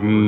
Georgie. Mm-hmm.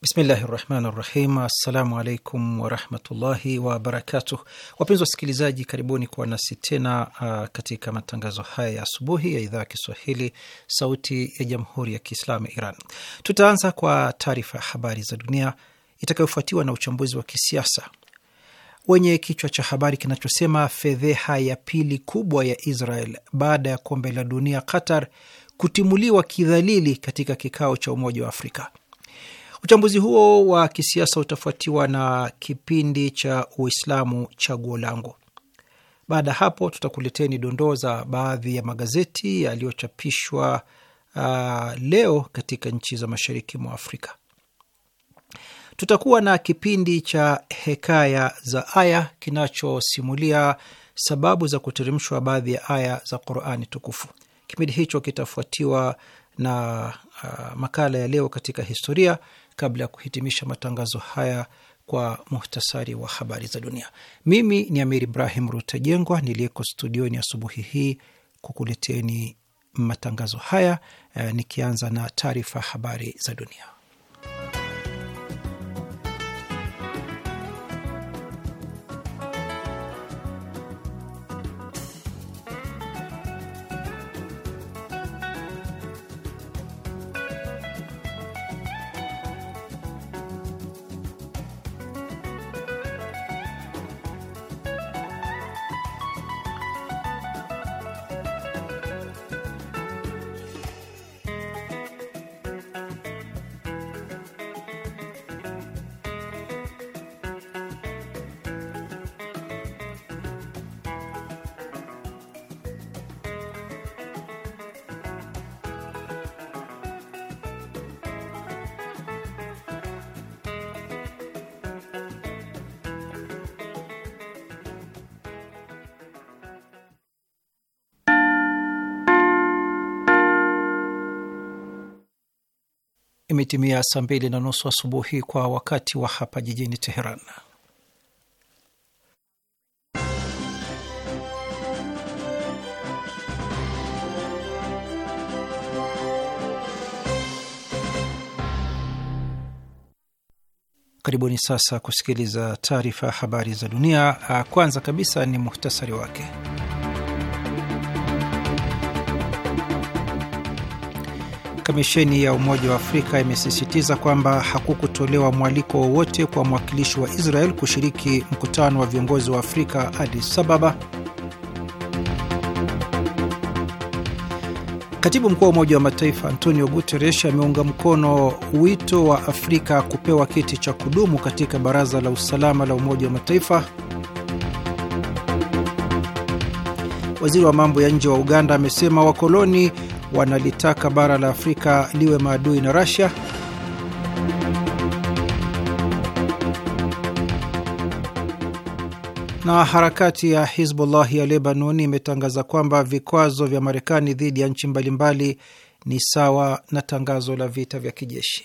Bismillahi rahmani rahim. Assalamu alaikum warahmatullahi wabarakatuh. Wapenzi wasikilizaji, karibuni kuwa nasi tena uh, katika matangazo haya ya asubuhi ya idhaa ya Kiswahili sauti ya jamhuri ya Kiislamu ya Iran. Tutaanza kwa taarifa ya habari za dunia itakayofuatiwa na uchambuzi wa kisiasa wenye kichwa cha habari kinachosema fedheha ya pili kubwa ya Israel baada ya kombe la dunia Qatar kutimuliwa kidhalili katika kikao cha Umoja wa Afrika. Uchambuzi huo wa kisiasa utafuatiwa na kipindi cha Uislamu chaguo langu. Baada ya hapo, tutakuleteni dondoo za baadhi ya magazeti yaliyochapishwa uh, leo katika nchi za mashariki mwa Afrika. Tutakuwa na kipindi cha hekaya za aya kinachosimulia sababu za kuteremshwa baadhi ya aya za Qurani tukufu. Kipindi hicho kitafuatiwa na uh, makala ya leo katika historia kabla ya kuhitimisha matangazo haya kwa muhtasari wa habari za dunia. Mimi ni Amir Ibrahim Rutajengwa niliyeko studioni asubuhi hii kukuleteni matangazo haya, eh, nikianza na taarifa habari za dunia. imetimia saa mbili na nusu asubuhi kwa wakati wa hapa jijini Teheran. Karibuni sasa kusikiliza taarifa ya habari za dunia. Kwanza kabisa ni muhtasari wake. Kamisheni ya Umoja wa Afrika imesisitiza kwamba hakukutolewa mwaliko wowote kwa mwakilishi wa Israel kushiriki mkutano wa viongozi wa Afrika Addis Ababa. Katibu mkuu wa Umoja wa Mataifa Antonio Guterres ameunga mkono wito wa Afrika kupewa kiti cha kudumu katika Baraza la Usalama la Umoja wa Mataifa. Waziri wa mambo ya nje wa Uganda amesema wakoloni wanalitaka bara la Afrika liwe maadui na Russia. Na harakati ya Hizbullah ya Lebanon imetangaza kwamba vikwazo vya Marekani dhidi ya nchi mbalimbali ni sawa na tangazo la vita vya kijeshi.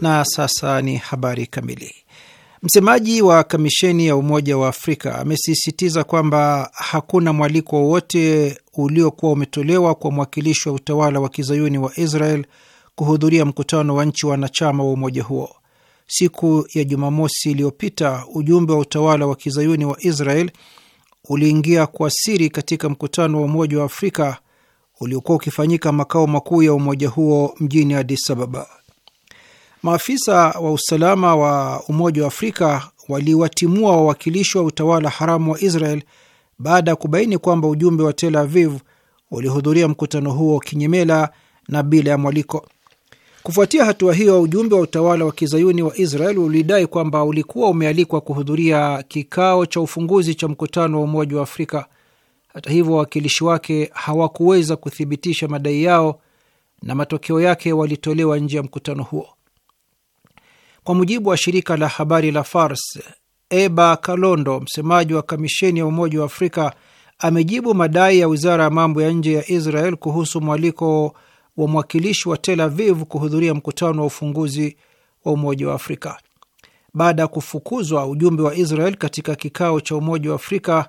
Na sasa ni habari kamili. Msemaji wa kamisheni ya Umoja wa Afrika amesisitiza kwamba hakuna mwaliko wowote uliokuwa umetolewa kwa mwakilishi wa utawala wa kizayuni wa Israel kuhudhuria mkutano wa nchi wanachama wa umoja huo. Siku ya Jumamosi iliyopita, ujumbe wa utawala wa kizayuni wa Israel uliingia kwa siri katika mkutano wa Umoja wa Afrika uliokuwa ukifanyika makao makuu ya umoja huo mjini Addis Ababa. Maafisa wa usalama wa Umoja wa Afrika waliwatimua wawakilishi wa utawala haramu wa Israel baada ya kubaini kwamba ujumbe wa Tel Aviv ulihudhuria mkutano huo kinyemela na bila ya mwaliko. Kufuatia hatua hiyo, ujumbe wa utawala wa kizayuni wa Israel ulidai kwamba ulikuwa umealikwa kuhudhuria kikao cha ufunguzi cha mkutano wa Umoja wa Afrika. Hata hivyo, wawakilishi wake hawakuweza kuthibitisha madai yao na matokeo yake walitolewa nje ya mkutano huo. Kwa mujibu wa shirika la habari la Fars, Eba Kalondo, msemaji wa kamisheni ya Umoja wa Afrika, amejibu madai ya wizara ya mambo ya nje ya Israel kuhusu mwaliko wa mwakilishi wa Tel Aviv kuhudhuria mkutano wa ufunguzi wa Umoja wa Afrika. Baada ya kufukuzwa ujumbe wa Israel katika kikao cha Umoja wa Afrika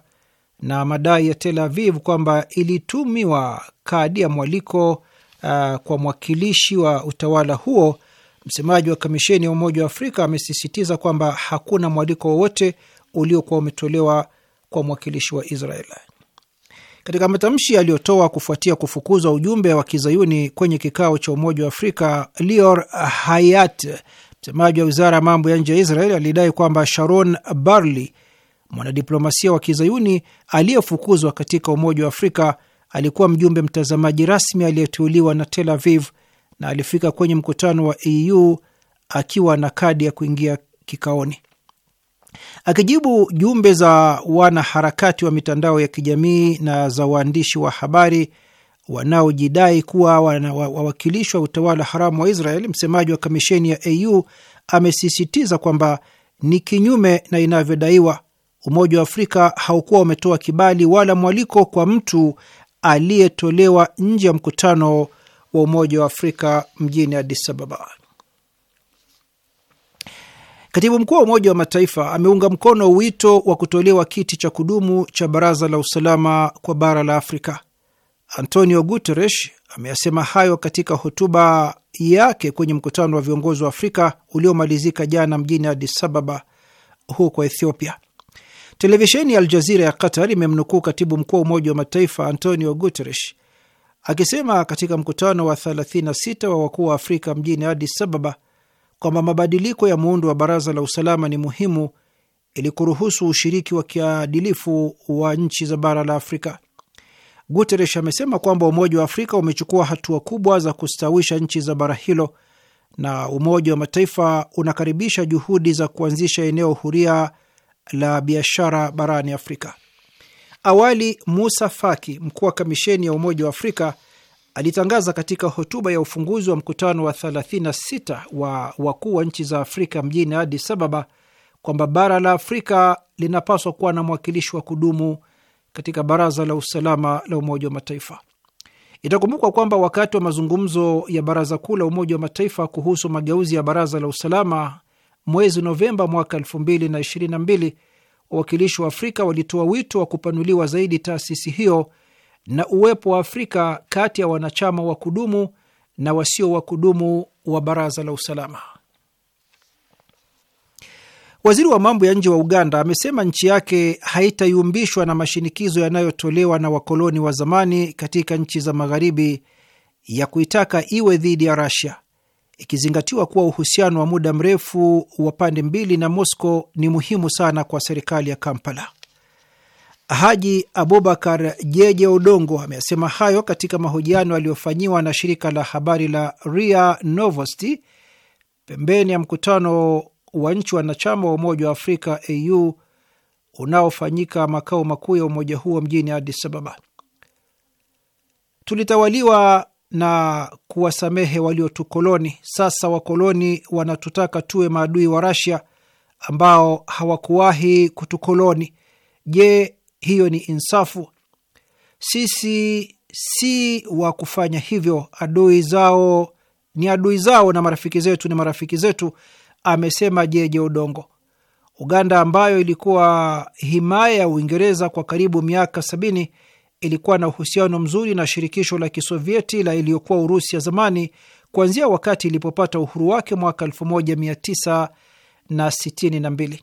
na madai ya Tel Aviv kwamba ilitumiwa kadi ya mwaliko uh, kwa mwakilishi wa utawala huo Msemaji wa kamisheni ya Umoja wa Afrika amesisitiza kwamba hakuna mwaliko wowote uliokuwa umetolewa kwa mwakilishi wa Israel. Katika matamshi aliyotoa kufuatia kufukuzwa ujumbe wa kizayuni kwenye kikao cha Umoja wa Afrika, Lior Hayat, msemaji wa wizara ya mambo ya nje ya Israel, alidai kwamba Sharon Barley, mwanadiplomasia wa kizayuni aliyefukuzwa katika Umoja wa Afrika, alikuwa mjumbe mtazamaji rasmi aliyeteuliwa na Tel Aviv na alifika kwenye mkutano wa EU akiwa na kadi ya kuingia kikaoni. Akijibu jumbe za wanaharakati wa mitandao ya kijamii na za waandishi wa habari wanaojidai kuwa wawakilishi wa utawala haramu wa Israel, msemaji wa kamisheni ya AU amesisitiza kwamba ni kinyume na inavyodaiwa. Umoja wa Afrika haukuwa umetoa kibali wala mwaliko kwa mtu aliyetolewa nje ya mkutano wa Umoja wa Afrika mjini Addis Ababa. Katibu mkuu wa Umoja wa Mataifa ameunga mkono wito wa kutolewa kiti cha kudumu cha Baraza la Usalama kwa bara la Afrika. Antonio Guterres ameyasema hayo katika hotuba yake kwenye mkutano wa viongozi wa Afrika uliomalizika jana mjini Addis Ababa huko Ethiopia. Televisheni ya Aljazira ya Qatar imemnukuu katibu mkuu wa Umoja wa Mataifa Antonio Guterres akisema katika mkutano wa 36 wa wakuu wa Afrika mjini Addis Ababa kwamba mabadiliko ya muundo wa Baraza la Usalama ni muhimu ili kuruhusu ushiriki wa kiadilifu wa nchi za bara la Afrika. Guterres amesema kwamba Umoja wa Afrika umechukua hatua kubwa za kustawisha nchi za bara hilo na Umoja wa Mataifa unakaribisha juhudi za kuanzisha eneo huria la biashara barani Afrika. Awali Musa Faki, mkuu wa kamisheni ya Umoja wa Afrika, alitangaza katika hotuba ya ufunguzi wa mkutano wa 36 wa wakuu wa nchi za Afrika mjini Addis Ababa kwamba bara la Afrika linapaswa kuwa na mwakilishi wa kudumu katika Baraza la Usalama la Umoja wa Mataifa. Itakumbukwa kwamba wakati wa mazungumzo ya Baraza Kuu la Umoja wa Mataifa kuhusu mageuzi ya Baraza la Usalama mwezi Novemba mwaka 2022 wawakilishi wa Afrika walitoa wito wa kupanuliwa zaidi taasisi hiyo na uwepo wa Afrika kati ya wanachama wa kudumu na wasio wa kudumu wa Baraza la Usalama. Waziri wa mambo ya nje wa Uganda amesema nchi yake haitayumbishwa na mashinikizo yanayotolewa na wakoloni wa zamani katika nchi za Magharibi ya kuitaka iwe dhidi ya Russia ikizingatiwa kuwa uhusiano wa muda mrefu wa pande mbili na Moscow ni muhimu sana kwa serikali ya Kampala. Haji Abubakar Jeje Odongo amesema hayo katika mahojiano aliyofanyiwa na shirika la habari la Ria Novosti pembeni ya mkutano wa nchi wanachama wa Umoja wa Afrika au unaofanyika makao makuu ya umoja huo mjini Addis Ababa. Tulitawaliwa na kuwasamehe waliotukoloni. Sasa wakoloni wanatutaka tuwe maadui wa Rasia ambao hawakuwahi kutukoloni. Je, hiyo ni insafu? Sisi si wa kufanya hivyo. Adui zao ni adui zao na marafiki zetu ni marafiki zetu, amesema Jeje udongo Uganda ambayo ilikuwa himaya ya Uingereza kwa karibu miaka sabini ilikuwa na uhusiano mzuri na shirikisho la Kisovieti la iliyokuwa Urusi ya zamani kuanzia wakati ilipopata uhuru wake mwaka 1962.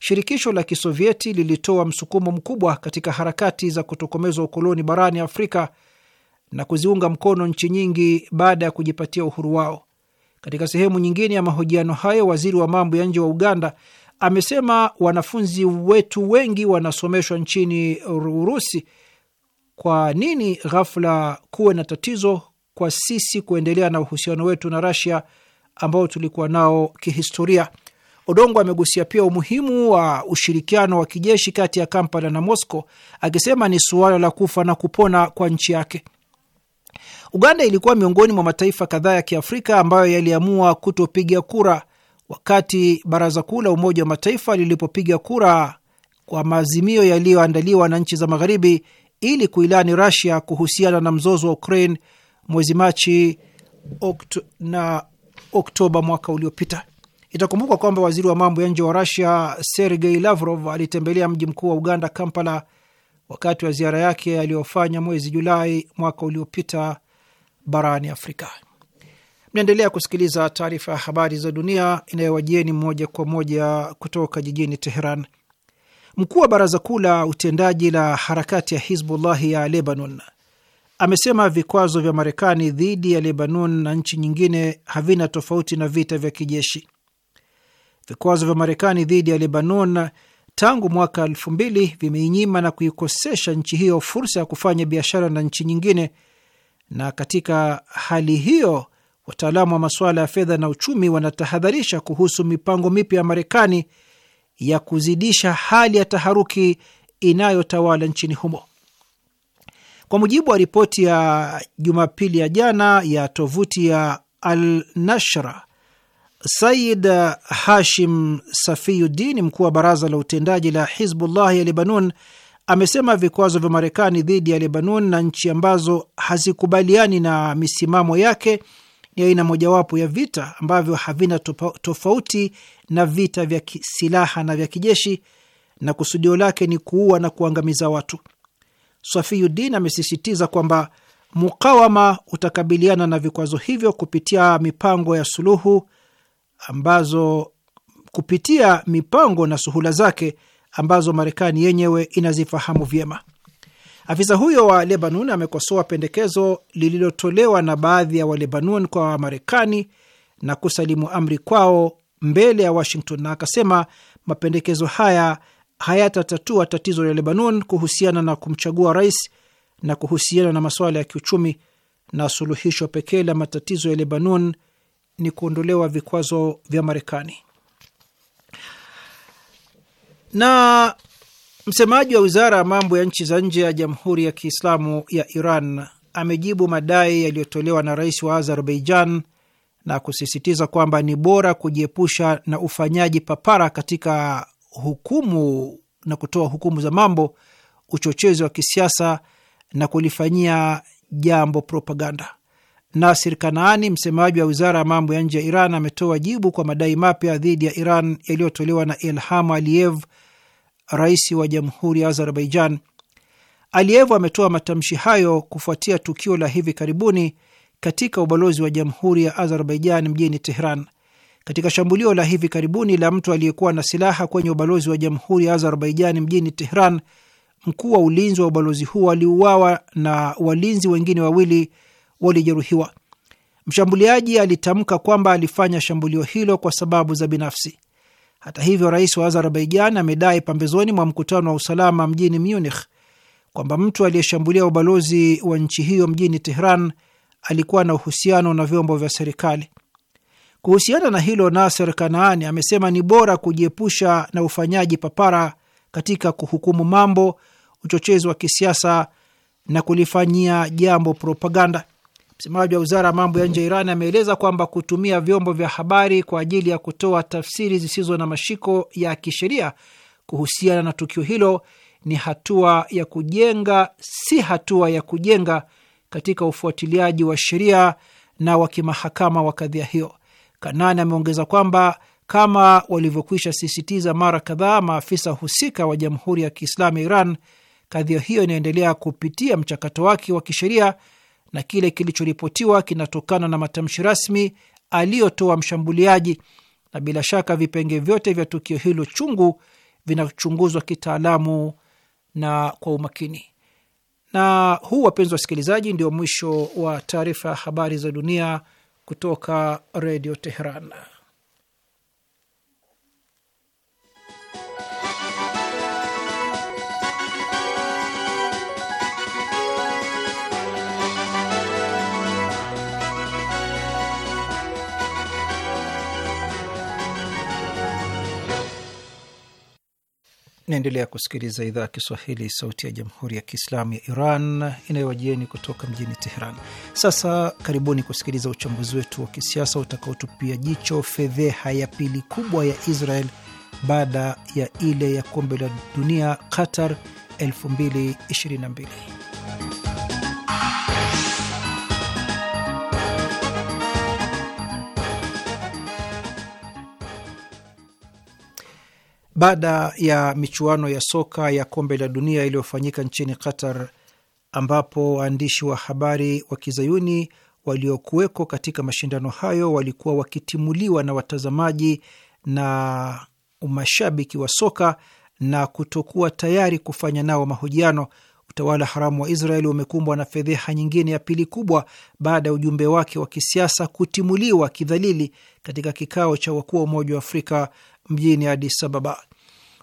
Shirikisho la Kisovieti lilitoa msukumo mkubwa katika harakati za kutokomezwa ukoloni barani Afrika na kuziunga mkono nchi nyingi baada ya kujipatia uhuru wao. Katika sehemu nyingine ya mahojiano hayo, waziri wa mambo ya nje wa Uganda amesema wanafunzi wetu wengi wanasomeshwa nchini Urusi kwa nini ghafla kuwe na tatizo kwa sisi kuendelea na uhusiano wetu na Russia ambao tulikuwa nao kihistoria? Odongo amegusia pia umuhimu wa ushirikiano wa kijeshi kati ya Kampala na Moscow, akisema ni suala la kufa na kupona kwa nchi yake. Uganda ilikuwa miongoni mwa mataifa kadhaa ya Kiafrika ambayo yaliamua kutopiga kura wakati Baraza Kuu la Umoja wa Mataifa lilipopiga kura kwa maazimio yaliyoandaliwa na nchi za Magharibi ili kuilani Rasia kuhusiana na mzozo wa Ukraine mwezi Machi okt na Oktoba mwaka uliopita. Itakumbukwa kwamba waziri wa mambo ya nje wa Rasia Sergei Lavrov alitembelea mji mkuu wa Uganda, Kampala, wakati wa ziara yake aliyofanya mwezi Julai mwaka uliopita barani Afrika. Mnaendelea kusikiliza taarifa ya habari za dunia inayowajieni moja kwa moja kutoka jijini Teheran. Mkuu wa baraza kuu la utendaji la harakati ya Hizbullahi ya Lebanon amesema vikwazo vya Marekani dhidi ya Lebanon na nchi nyingine havina tofauti na vita vya kijeshi. Vikwazo vya Marekani dhidi ya Lebanon tangu mwaka elfu mbili vimeinyima na kuikosesha nchi hiyo fursa ya kufanya biashara na nchi nyingine, na katika hali hiyo wataalamu wa masuala ya fedha na uchumi wanatahadharisha kuhusu mipango mipya ya Marekani ya kuzidisha hali ya taharuki inayotawala nchini humo. Kwa mujibu wa ripoti ya Jumapili ya jana ya tovuti ya Al-Nashra, said Hashim Safiyuddin, mkuu wa baraza la utendaji la Hizbullah ya Lebanon, amesema vikwazo vya Marekani dhidi ya Lebanon na nchi ambazo hazikubaliani na misimamo yake ni aina mojawapo ya vita ambavyo havina tofauti na vita vya silaha na vya kijeshi, na kusudio lake ni kuua na kuangamiza watu. Swafiyuddin amesisitiza kwamba mukawama utakabiliana na vikwazo hivyo kupitia mipango ya suluhu ambazo kupitia mipango na suhula zake ambazo Marekani yenyewe inazifahamu vyema. Afisa huyo wa Lebanon amekosoa pendekezo lililotolewa na baadhi ya Walebanon kwa Wamarekani na kusalimu amri kwao mbele ya Washington, na akasema mapendekezo haya hayatatatua tatizo la Lebanon kuhusiana na kumchagua rais na kuhusiana na masuala ya kiuchumi, na suluhisho pekee la matatizo ya Lebanon ni kuondolewa vikwazo vya Marekani. Na Msemaji wa wizara ya mambo ya nchi za nje ya Jamhuri ya Kiislamu ya Iran amejibu madai yaliyotolewa na rais wa Azerbaijan na kusisitiza kwamba ni bora kujiepusha na ufanyaji papara katika hukumu na kutoa hukumu za mambo, uchochezi wa kisiasa na kulifanyia jambo propaganda. Nasir Kanaani, msemaji wa wizara ya mambo ya nje ya Iran, ametoa jibu kwa madai mapya dhidi ya Iran yaliyotolewa na Ilham Aliyev, rais wa jamhuri ya Azerbaijan. Aliyev ametoa matamshi hayo kufuatia tukio la hivi karibuni katika ubalozi wa jamhuri ya Azerbaijan mjini Tehran. Katika shambulio la hivi karibuni la mtu aliyekuwa na silaha kwenye ubalozi wa jamhuri ya Azerbaijan mjini Tehran, mkuu wa ulinzi wa ubalozi huo aliuawa na walinzi wengine wawili walijeruhiwa. Mshambuliaji alitamka kwamba alifanya shambulio hilo kwa sababu za binafsi. Hata hivyo, rais wa Azerbaijan amedai pambezoni mwa mkutano wa usalama mjini Munich kwamba mtu aliyeshambulia ubalozi wa nchi hiyo mjini Tehran alikuwa na uhusiano na vyombo vya serikali. Kuhusiana na hilo, Naser Kanaani amesema ni bora kujiepusha na ufanyaji papara katika kuhukumu mambo, uchochezi wa kisiasa na kulifanyia jambo propaganda. Msemaji wa wizara ya mambo ya nje ya Iran ameeleza kwamba kutumia vyombo vya habari kwa ajili ya kutoa tafsiri zisizo na mashiko ya kisheria kuhusiana na tukio hilo ni hatua ya kujenga, si hatua ya kujenga katika ufuatiliaji wa sheria na wa kimahakama wa kadhia hiyo. Kanani ameongeza kwamba kama walivyokwisha sisitiza mara kadhaa maafisa husika wa Jamhuri ya Kiislamu ya Iran, kadhia hiyo inaendelea kupitia mchakato wake wa kisheria na kile kilichoripotiwa kinatokana na matamshi rasmi aliyotoa mshambuliaji, na bila shaka vipenge vyote vya tukio hilo chungu vinachunguzwa kitaalamu na kwa umakini. Na huu, wapenzi wasikilizaji, ndio mwisho wa taarifa ya habari za dunia kutoka Redio Teheran. Naendelea kusikiliza idhaa ya Kiswahili, sauti ya jamhuri ya kiislamu ya Iran inayowajieni kutoka mjini Teheran. Sasa karibuni kusikiliza uchambuzi wetu wa kisiasa utakaotupia jicho fedheha ya pili kubwa ya Israel baada ya ile ya kombe la dunia Qatar 2022. baada ya michuano ya soka ya kombe la dunia iliyofanyika nchini Qatar, ambapo waandishi wa habari wa kizayuni waliokuweko katika mashindano hayo walikuwa wakitimuliwa na watazamaji na mashabiki wa soka na kutokuwa tayari kufanya nao mahojiano. Utawala haramu wa Israeli umekumbwa na fedheha nyingine ya pili kubwa baada ya ujumbe wake wa kisiasa kutimuliwa kidhalili katika kikao cha wakuu wa Umoja wa Afrika mjini Adis Ababa.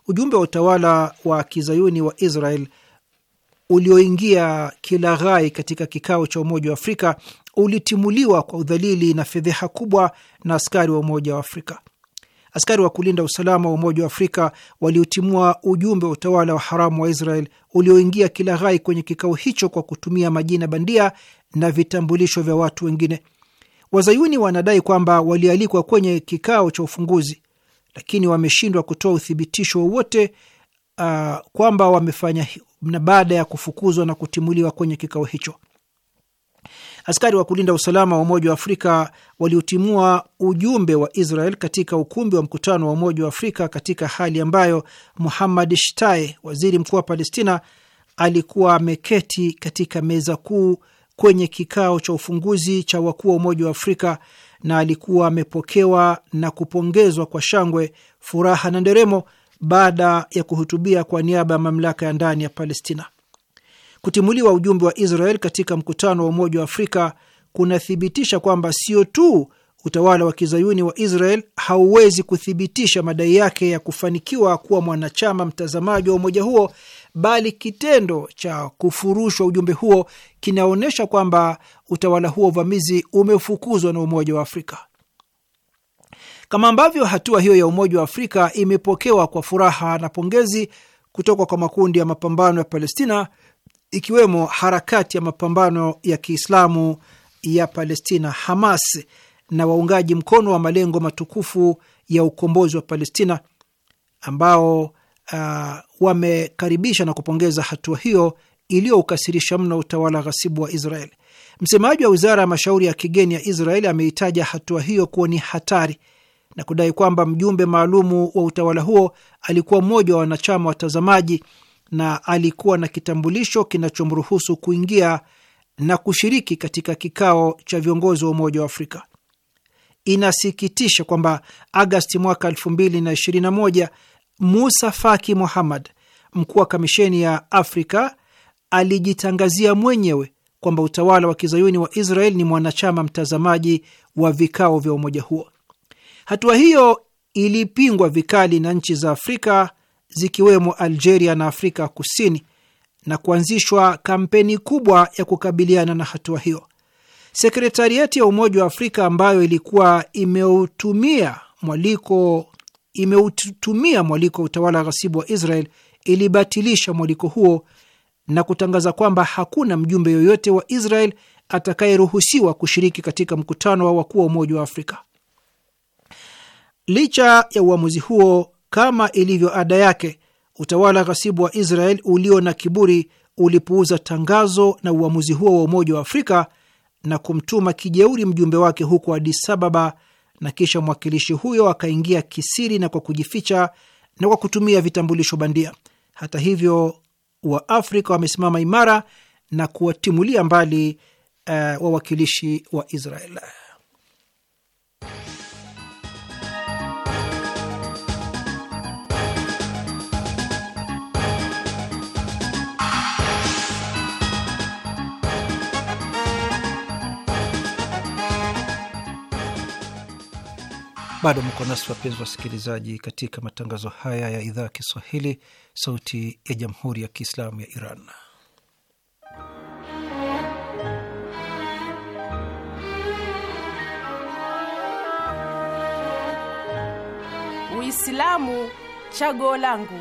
Ujumbe wa utawala wa kizayuni wa Israel ulioingia kilaghai katika kikao cha Umoja wa Afrika ulitimuliwa kwa udhalili na fedheha kubwa na askari wa Umoja wa Afrika. Askari wa kulinda usalama wa Umoja wa Afrika waliotimua ujumbe wa utawala wa haramu wa Israel ulioingia kilaghai kwenye kikao hicho kwa kutumia majina bandia na vitambulisho vya watu wengine. Wazayuni wanadai kwamba walialikwa kwenye kikao cha ufunguzi lakini wameshindwa kutoa uthibitisho wowote uh, kwamba wamefanya na baada ya kufukuzwa na kutimuliwa kwenye kikao hicho. Askari wa kulinda usalama wa Umoja wa Afrika waliotimua ujumbe wa Israel katika ukumbi wa mkutano wa Umoja wa Afrika katika hali ambayo Muhammad shtae waziri mkuu wa Palestina, alikuwa ameketi katika meza kuu kwenye kikao cha ufunguzi cha wakuu wa Umoja wa Afrika na alikuwa amepokewa na kupongezwa kwa shangwe, furaha na nderemo baada ya kuhutubia kwa niaba ya mamlaka ya ndani ya Palestina. Kutimuliwa ujumbe wa Israel katika mkutano wa Umoja wa Afrika kunathibitisha kwamba sio tu utawala wa kizayuni wa Israel hauwezi kuthibitisha madai yake ya kufanikiwa kuwa mwanachama mtazamaji wa umoja huo, bali kitendo cha kufurushwa ujumbe huo kinaonyesha kwamba utawala huo uvamizi umefukuzwa na Umoja wa Afrika. Kama ambavyo hatua hiyo ya Umoja wa Afrika imepokewa kwa furaha na pongezi kutoka kwa makundi ya mapambano ya Palestina, ikiwemo harakati ya mapambano ya Kiislamu ya Palestina, Hamas, na waungaji mkono wa malengo matukufu ya ukombozi wa Palestina ambao uh, wamekaribisha na kupongeza hatua hiyo iliyoukasirisha mno utawala ghasibu wa israel Msemaji wa wizara ya mashauri ya kigeni ya israel ameitaja hatua hiyo kuwa ni hatari na kudai kwamba mjumbe maalumu wa utawala huo alikuwa mmoja wa wanachama watazamaji na alikuwa na kitambulisho kinachomruhusu kuingia na kushiriki katika kikao cha viongozi wa Umoja wa Afrika. Inasikitisha kwamba Agasti mwaka Musa Faki Muhammad, mkuu wa kamisheni ya Afrika, alijitangazia mwenyewe kwamba utawala wa kizayuni wa Israel ni mwanachama mtazamaji wa vikao vya umoja huo. Hatua hiyo ilipingwa vikali na nchi za Afrika zikiwemo Algeria na Afrika Kusini na kuanzishwa kampeni kubwa ya kukabiliana na hatua hiyo. Sekretariati ya Umoja wa Afrika ambayo ilikuwa imeutumia mwaliko imeutumia mwaliko wa utawala ghasibu wa Israel, ilibatilisha mwaliko huo na kutangaza kwamba hakuna mjumbe yoyote wa Israel atakayeruhusiwa kushiriki katika mkutano wa wakuu wa Umoja wa Afrika. Licha ya uamuzi huo, kama ilivyo ada yake, utawala ghasibu wa Israel ulio na kiburi ulipuuza tangazo na uamuzi huo wa Umoja wa Afrika na kumtuma kijeuri mjumbe wake huko Addis Ababa na kisha mwakilishi huyo akaingia kisiri na kwa kujificha na kwa kutumia vitambulisho bandia. Hata hivyo, Waafrika wamesimama imara na kuwatimulia mbali uh, wawakilishi wa Israel. Bado mko nasi wapenzi wasikilizaji, katika matangazo haya ya idhaa ya Kiswahili, Sauti ya Jamhuri ya Kiislamu ya Iran. Uislamu chaguo langu.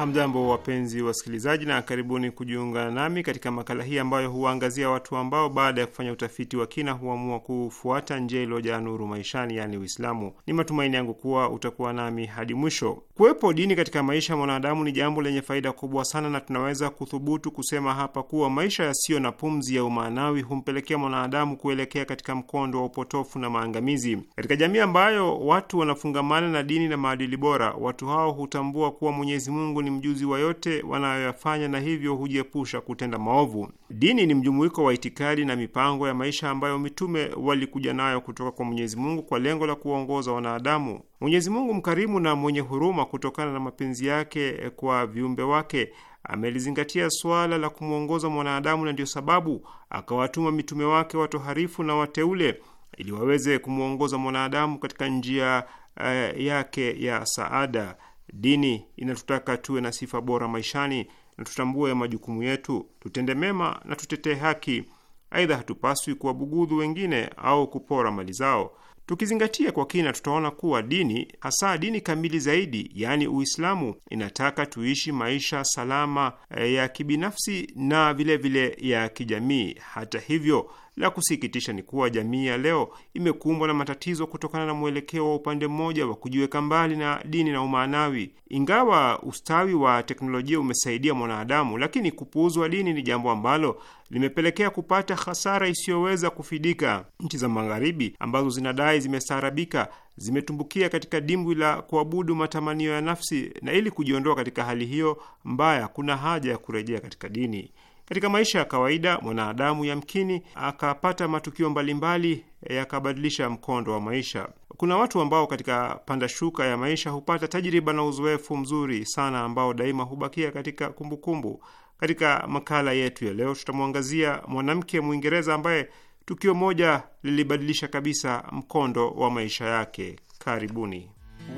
Hamjambo, wapenzi wasikilizaji, na karibuni kujiunga nami katika makala hii ambayo huwaangazia watu ambao baada ya kufanya utafiti wa kina huamua kufuata njia iliyojaa nuru maishani, yaani Uislamu. Ni matumaini yangu kuwa utakuwa nami hadi mwisho. Kuwepo dini katika maisha ya mwanadamu ni jambo lenye faida kubwa sana, na tunaweza kuthubutu kusema hapa kuwa maisha yasiyo na pumzi ya umaanawi humpelekea mwanadamu kuelekea katika mkondo wa upotofu na maangamizi. Katika jamii ambayo watu wanafungamana na dini na maadili bora, watu hao hutambua kuwa Mwenyezi Mungu ni ni mjuzi wa yote wanayoyafanya na hivyo hujiepusha kutenda maovu. Dini ni mjumuiko wa itikadi na mipango ya maisha ambayo mitume walikuja nayo kutoka kwa Mwenyezi Mungu kwa lengo la kuwaongoza wanadamu. Mwenyezi Mungu mkarimu na mwenye huruma, kutokana na mapenzi yake kwa viumbe wake amelizingatia suala la kumwongoza mwanadamu, na ndiyo sababu akawatuma mitume wake watoharifu na wateule ili waweze kumwongoza mwanadamu katika njia uh, yake ya saada. Dini inatutaka tuwe na sifa bora maishani na tutambue majukumu yetu, tutende mema na tutetee haki. Aidha, hatupaswi kuwabugudhu wengine au kupora mali zao. Tukizingatia kwa kina, tutaona kuwa dini, hasa dini kamili zaidi, yaani Uislamu, inataka tuishi maisha salama eh, ya kibinafsi na vilevile vile ya kijamii. Hata hivyo la kusikitisha ni kuwa jamii ya leo imekumbwa na matatizo kutokana na mwelekeo wa upande mmoja wa kujiweka mbali na dini na umaanawi. Ingawa ustawi wa teknolojia umesaidia mwanadamu, lakini kupuuzwa dini ni jambo ambalo limepelekea kupata hasara isiyoweza kufidika. Nchi za Magharibi ambazo zinadai zimestaarabika zimetumbukia katika dimbwi la kuabudu matamanio ya nafsi, na ili kujiondoa katika hali hiyo mbaya, kuna haja ya kurejea katika dini. Katika maisha ya kawaida, mwanadamu yamkini akapata matukio mbalimbali yakabadilisha mkondo wa maisha. Kuna watu ambao katika panda shuka ya maisha hupata tajriba na uzoefu mzuri sana ambao daima hubakia katika kumbukumbu kumbu. Katika makala yetu ya leo tutamwangazia mwanamke Mwingereza ambaye tukio moja lilibadilisha kabisa mkondo wa maisha yake. Karibuni.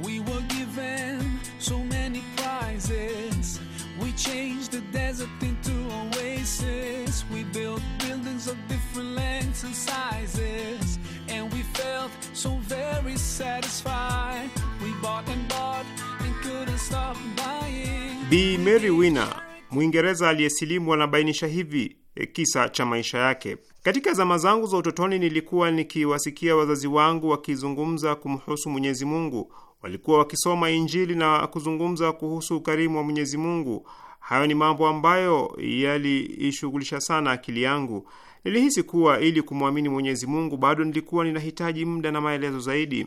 We were given so many prizes. We places. We built buildings of different lengths and sizes. And we felt so very satisfied. We bought and bought and couldn't stop buying. Bi Mary Winner, Mwingereza aliyesilimu anabainisha hivi eh, kisa cha maisha yake. Katika zama zangu za utotoni nilikuwa nikiwasikia wazazi wangu wakizungumza kumhusu Mwenyezi Mungu. Walikuwa wakisoma Injili na kuzungumza kuhusu ukarimu wa Mwenyezi Mungu. Hayo ni mambo ambayo yaliishughulisha sana akili yangu. Nilihisi kuwa ili kumwamini Mwenyezi Mungu bado nilikuwa ninahitaji muda na maelezo zaidi.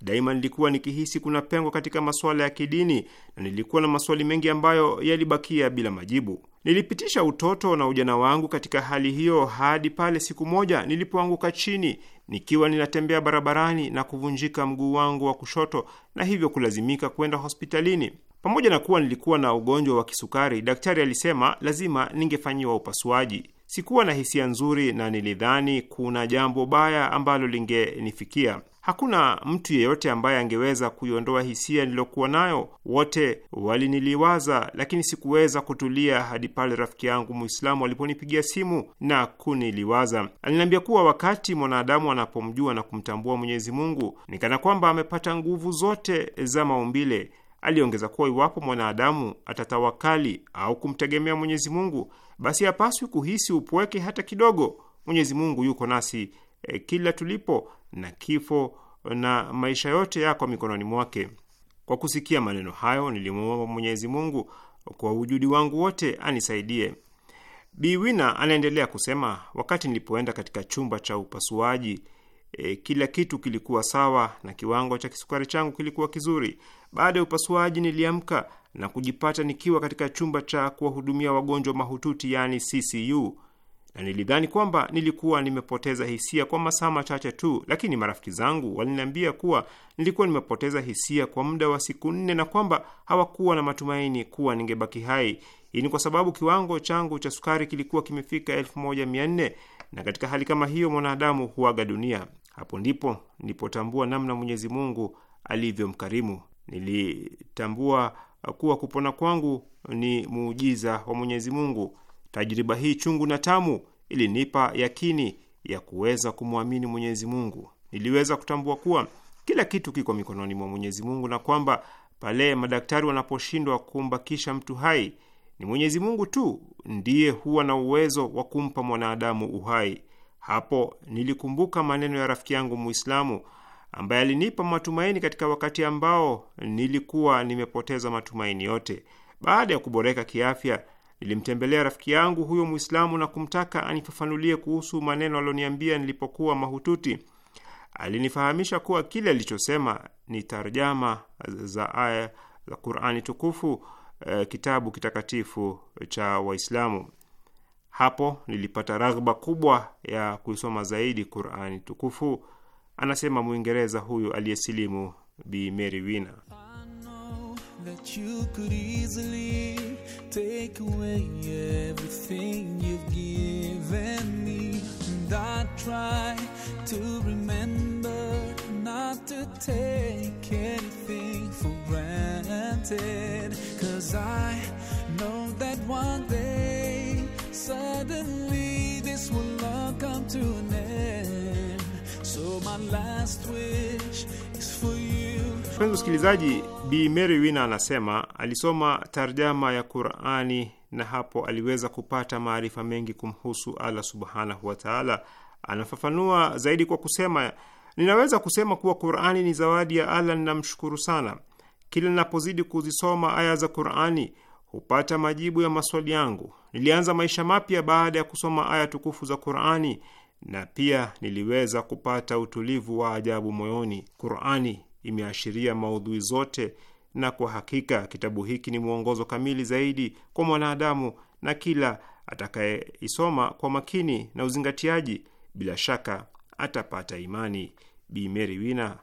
Daima nilikuwa nikihisi kuna pengo katika masuala ya kidini na nilikuwa na maswali mengi ambayo yalibakia bila majibu. Nilipitisha utoto na ujana wangu katika hali hiyo hadi pale siku moja nilipoanguka chini nikiwa ninatembea barabarani na kuvunjika mguu wangu wa kushoto na hivyo kulazimika kwenda hospitalini. Pamoja na kuwa nilikuwa na ugonjwa wa kisukari, daktari alisema lazima ningefanyiwa upasuaji. Sikuwa na hisia nzuri na nilidhani kuna jambo baya ambalo lingenifikia. Hakuna mtu yeyote ambaye angeweza kuiondoa hisia niliyokuwa nayo. Wote waliniliwaza, lakini sikuweza kutulia hadi pale rafiki yangu Muislamu aliponipigia simu na kuniliwaza. Aliniambia kuwa wakati mwanadamu anapomjua na kumtambua Mwenyezi Mungu, ni kana kwamba amepata nguvu zote za maumbile Aliongeza kuwa iwapo mwanadamu atatawakali au kumtegemea Mwenyezi Mungu, basi hapaswi kuhisi upweke hata kidogo. Mwenyezi Mungu yuko nasi e, kila tulipo, na kifo na maisha yote yako mikononi mwake. Kwa kusikia maneno hayo, nilimwomba Mwenyezi Mungu kwa ujudi wangu wote anisaidie. Biwina anaendelea kusema, wakati nilipoenda katika chumba cha upasuaji E, kila kitu kilikuwa sawa na kiwango cha kisukari changu kilikuwa kizuri. Baada ya upasuaji niliamka na kujipata nikiwa katika chumba cha kuwahudumia wagonjwa mahututi yani CCU, na nilidhani kwamba nilikuwa nimepoteza hisia kwa masaa machache tu, lakini marafiki zangu waliniambia kuwa nilikuwa nimepoteza hisia kwa muda wa siku nne na kwamba hawakuwa na matumaini kuwa ningebaki hai. Hii ni kwa sababu kiwango changu cha sukari kilikuwa kimefika elfu moja mia nne na katika hali kama hiyo mwanadamu huaga dunia. Hapo ndipo nilipotambua namna Mwenyezi Mungu alivyomkarimu. Nilitambua kuwa kupona kwangu ni muujiza wa Mwenyezi Mungu. Tajriba hii chungu na tamu ilinipa yakini ya kuweza kumwamini Mwenyezi Mungu. Niliweza kutambua kuwa kila kitu kiko mikononi mwa Mwenyezi Mungu na kwamba pale madaktari wanaposhindwa kumbakisha mtu hai ni Mwenyezi Mungu tu ndiye huwa na uwezo wa kumpa mwanadamu uhai. Hapo nilikumbuka maneno ya rafiki yangu Muislamu ambaye alinipa matumaini katika wakati ambao nilikuwa nimepoteza matumaini yote. Baada ya kuboreka kiafya, nilimtembelea rafiki yangu huyo Muislamu na kumtaka anifafanulie kuhusu maneno alioniambia nilipokuwa mahututi. Alinifahamisha kuwa kile alichosema ni tarjama za aya za Qur'ani tukufu Eh, kitabu kitakatifu cha Waislamu. Hapo nilipata raghba kubwa ya kuisoma zaidi Qurani tukufu, anasema Mwingereza huyu aliyesilimu Bi Mary Wina have to take anything for granted. Cause I know that one day, suddenly, this will all come to an end. So my last wish is for you. Mpenzi msikilizaji, Bi Mary Wina anasema alisoma tarjama ya Qurani na hapo aliweza kupata maarifa mengi kumhusu Allah subhanahu wataala. Anafafanua zaidi kwa kusema Ninaweza kusema kuwa Qurani ni zawadi ya Allah. Ninamshukuru sana. Kila ninapozidi kuzisoma aya za Qurani hupata majibu ya maswali yangu. Nilianza maisha mapya baada ya kusoma aya tukufu za Qurani na pia niliweza kupata utulivu wa ajabu moyoni. Qurani imeashiria maudhui zote, na kwa hakika kitabu hiki ni mwongozo kamili zaidi kwa mwanadamu na kila atakayeisoma kwa makini na uzingatiaji, bila shaka atapata imani. Bi Mary Wina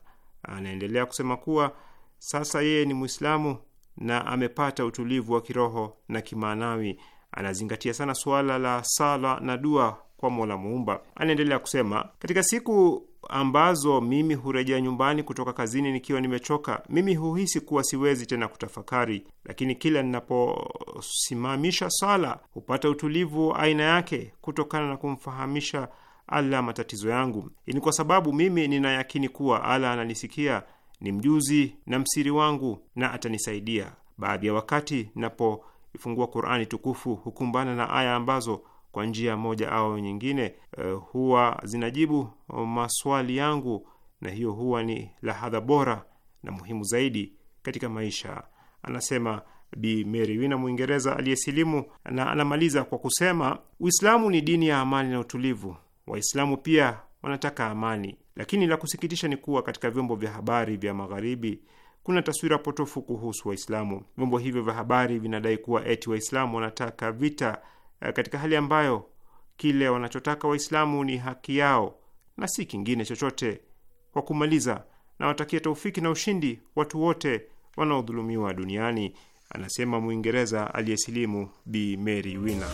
anaendelea kusema kuwa sasa yeye ni Mwislamu na amepata utulivu wa kiroho na kimaanawi. Anazingatia sana suala la sala na dua kwa Mola Muumba. Anaendelea kusema, katika siku ambazo mimi hurejea nyumbani kutoka kazini nikiwa nimechoka, mimi huhisi kuwa siwezi tena kutafakari, lakini kila ninaposimamisha sala hupata utulivu wa aina yake kutokana na kumfahamisha Ala matatizo yangu. Ni kwa sababu mimi ninayakini kuwa Ala ananisikia, ni mjuzi na msiri wangu na atanisaidia. Baadhi ya wakati napoifungua Qur'ani tukufu hukumbana na aya ambazo kwa njia moja au nyingine, uh, huwa zinajibu eh, maswali yangu, na hiyo huwa ni lahadha bora na muhimu zaidi katika maisha, anasema Bi Mary Wina, Mwingereza aliyesilimu, na anamaliza kwa kusema Uislamu ni dini ya amani na utulivu Waislamu pia wanataka amani, lakini la kusikitisha ni kuwa katika vyombo vya habari vya Magharibi kuna taswira potofu kuhusu Waislamu. Vyombo hivyo vya habari vinadai kuwa eti Waislamu wanataka vita, eh, katika hali ambayo kile wanachotaka Waislamu ni haki yao na si kingine chochote. Kwa kumaliza, na watakia taufiki na ushindi watu wote wanaodhulumiwa duniani, anasema Mwingereza aliyesilimu Bi Mary Wina.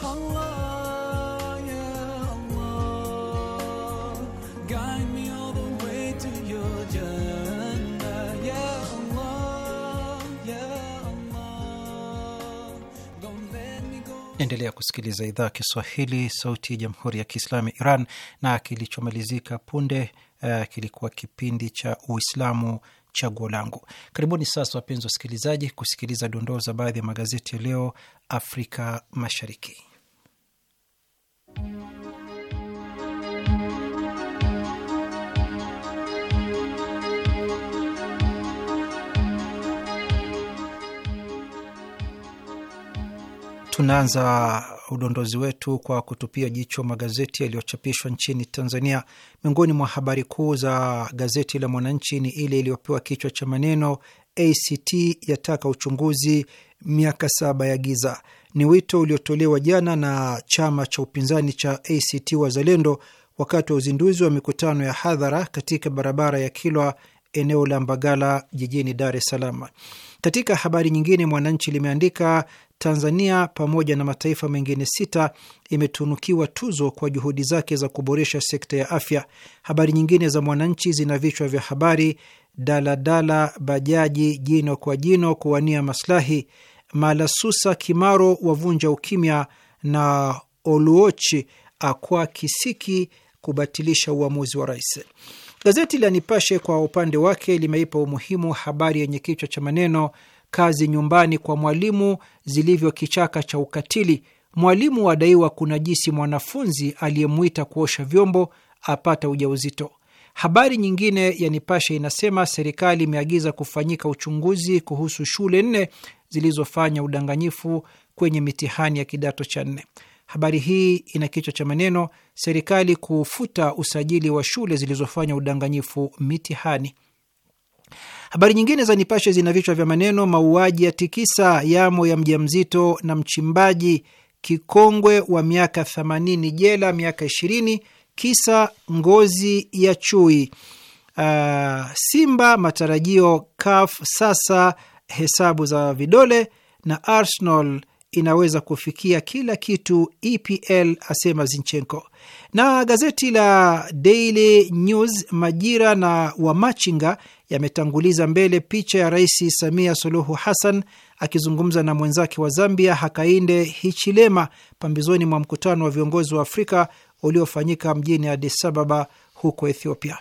Naendelea kusikiliza idhaa ya Kiswahili, sauti ya jamhuri ya kiislamu Iran, na kilichomalizika punde uh, kilikuwa kipindi cha Uislamu chaguo langu. Karibuni sasa, wapenzi wasikilizaji, kusikiliza dondoo za baadhi ya magazeti ya leo Afrika Mashariki. Tunaanza udondozi wetu kwa kutupia jicho magazeti yaliyochapishwa nchini Tanzania. Miongoni mwa habari kuu za gazeti la Mwananchi ni ile iliyopewa kichwa cha maneno ACT yataka uchunguzi miaka saba ya giza. Ni wito uliotolewa jana na chama cha upinzani cha ACT Wazalendo wakati wa uzinduzi wa mikutano ya hadhara katika barabara ya Kilwa eneo la Mbagala jijini Dar es Salaam. Katika habari nyingine, Mwananchi limeandika Tanzania pamoja na mataifa mengine sita imetunukiwa tuzo kwa juhudi zake za kuboresha sekta ya afya. Habari nyingine za Mwananchi zina vichwa vya habari: daladala bajaji jino kwa jino kuwania maslahi, malasusa Kimaro wavunja ukimya, na Oluochi akwa kisiki kubatilisha uamuzi wa rais. Gazeti la Nipashe kwa upande wake limeipa umuhimu habari yenye kichwa cha maneno kazi nyumbani kwa mwalimu zilivyo kichaka cha ukatili, mwalimu adaiwa kunajisi mwanafunzi aliyemwita kuosha vyombo apata ujauzito. Habari nyingine ya Nipashe inasema serikali imeagiza kufanyika uchunguzi kuhusu shule nne zilizofanya udanganyifu kwenye mitihani ya kidato cha nne. Habari hii ina kichwa cha maneno serikali kufuta usajili wa shule zilizofanya udanganyifu mitihani. Habari nyingine za Nipashe zina vichwa vya maneno: mauaji ya tikisa yamo ya mjamzito na mchimbaji kikongwe wa miaka 80 jela miaka 20 kisa ngozi ya chui. Uh, Simba matarajio CAF sasa hesabu za vidole, na Arsenal inaweza kufikia kila kitu EPL asema Zinchenko. Na gazeti la Daily News, Majira na Wamachinga yametanguliza mbele picha ya Rais Samia Suluhu Hassan akizungumza na mwenzake wa Zambia Hakainde Hichilema pambizoni mwa mkutano wa viongozi wa Afrika uliofanyika mjini Addis Ababa huko Ethiopia.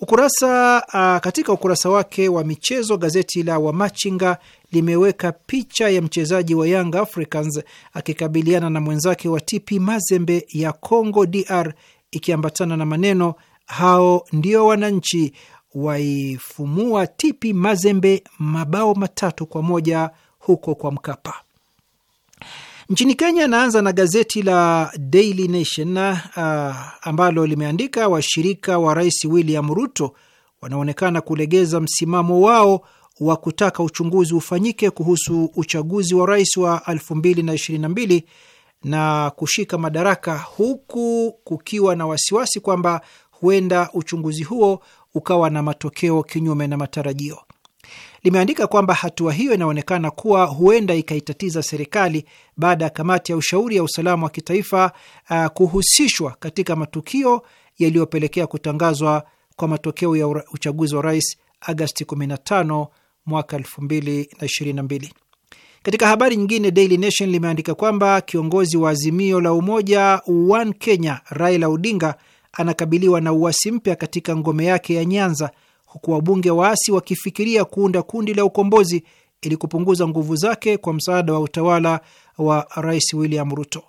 Ukurasa uh, katika ukurasa wake wa michezo gazeti la Wamachinga limeweka picha ya mchezaji wa Young Africans akikabiliana na mwenzake wa TP Mazembe ya Congo DR ikiambatana na maneno hao ndio wananchi waifumua Tipi Mazembe mabao matatu kwa moja huko kwa Mkapa. Nchini Kenya anaanza na gazeti la Daily Nation uh, ambalo limeandika washirika wa Rais William Ruto wanaonekana kulegeza msimamo wao wa kutaka uchunguzi ufanyike kuhusu uchaguzi wa rais wa 2022 na kushika madaraka, huku kukiwa na wasiwasi kwamba huenda uchunguzi huo ukawa na matokeo kinyume na matarajio. Limeandika kwamba hatua hiyo inaonekana kuwa huenda ikaitatiza serikali baada ya kamati ya ushauri ya usalama wa kitaifa uh, kuhusishwa katika matukio yaliyopelekea kutangazwa kwa matokeo ya uchaguzi wa rais Agasti 15 mwaka 2022. Katika habari nyingine, Daily Nation limeandika kwamba kiongozi wa Azimio la Umoja One Kenya Raila Odinga anakabiliwa na uasi mpya katika ngome yake ya Nyanza, huku wabunge waasi wakifikiria kuunda kundi la ukombozi ili kupunguza nguvu zake kwa msaada wa utawala wa Rais William Ruto.